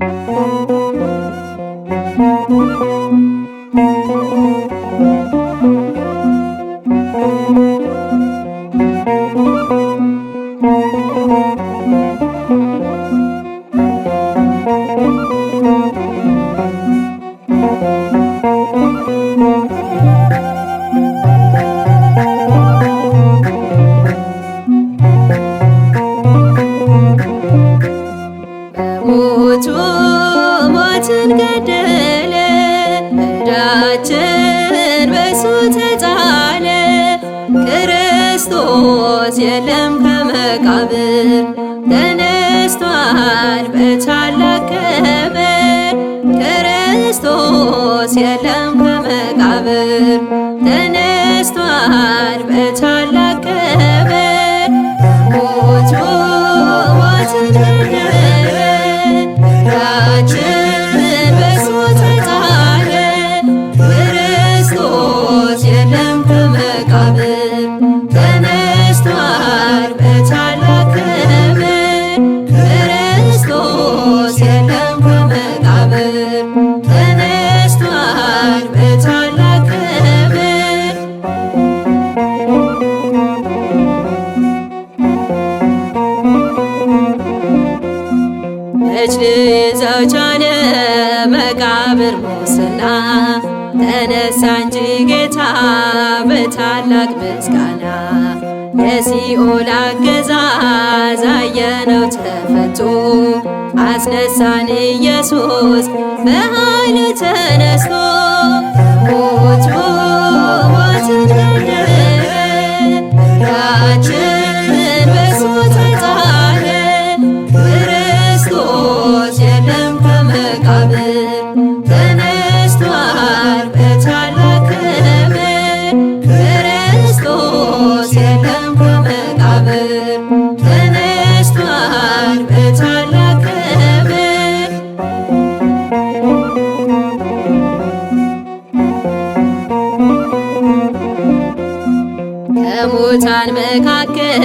Música ክርስቶስ የለም ከመቃብር ተነስቷል በታላቅ ክብር። ክርስቶስ የለም ከመቃብር ተነስቷል ክብር ተነስቷል በታላቅ ክብር እጅ ዘቻለ ተነሳ እንጂ ጌታ በታላቅ ምስጋና የሲኦል አገዛዝ ያየነው ተፈቶ አስነሳን ኢየሱስ በኃይሉ ተነስቶ ሞት ሞትን በሙታን መካከል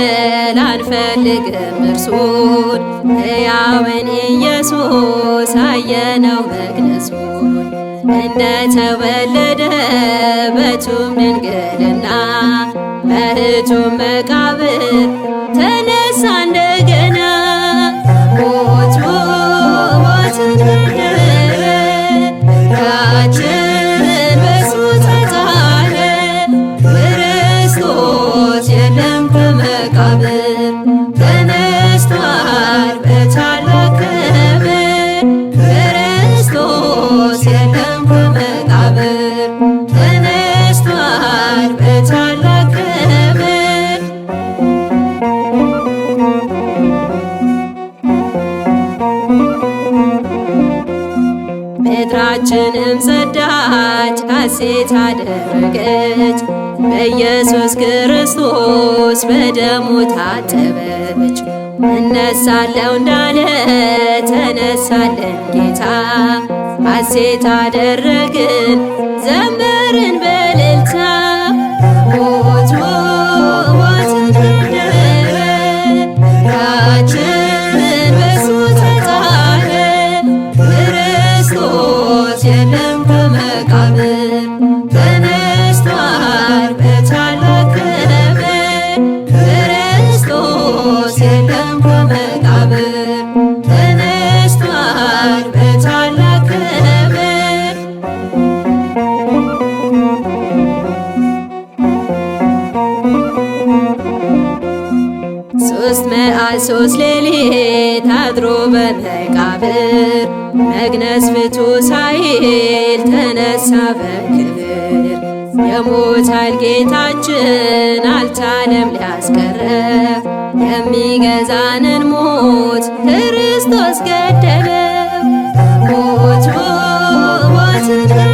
አንፈልግም እርሱን ሕያውን ኢየሱስ አየነው መግነጹን እንደተወለደ በቱም ድንግልና በሕቱም መቃብር ነፍሳችንም ጸዳች፣ ሐሴት አደረገች። በኢየሱስ ክርስቶስ በደሙ ታጠበች። እነሳለው እንዳለ ተነሳለን ጌታ ሐሴት አደረግን ዘም ሶስት ሌሊት አድሮ በመቃብር መግነዝ ፍቱ ሳይል ተነሳ በክብር የሞት ኃይል ጌታችን አልቻለም ሊያስቀረ የሚገዛንን ሞት ክርስቶስ ገደለ ሞት ሞት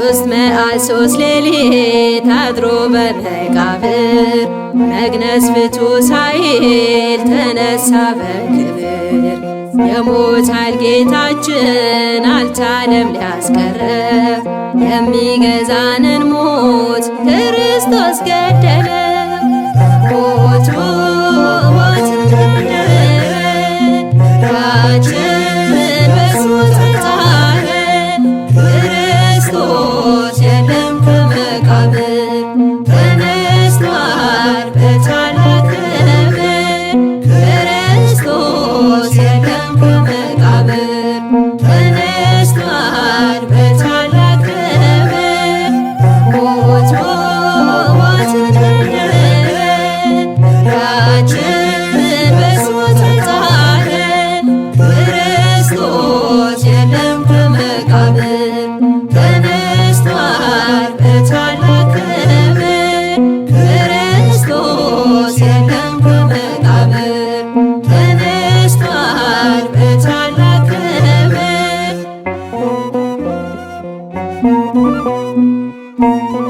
ሶስት መዓል ሶስት ሌሊት አድሮ በመቃብር መግነዝ ፍቱ ሳይል ተነሳ በክብር። የሞት ኃይል ጌታችን አልቻለም ሊያስቀረብ የሚገዛንን ሞት ክርስቶስ ገደለ ሞቱ Thank you.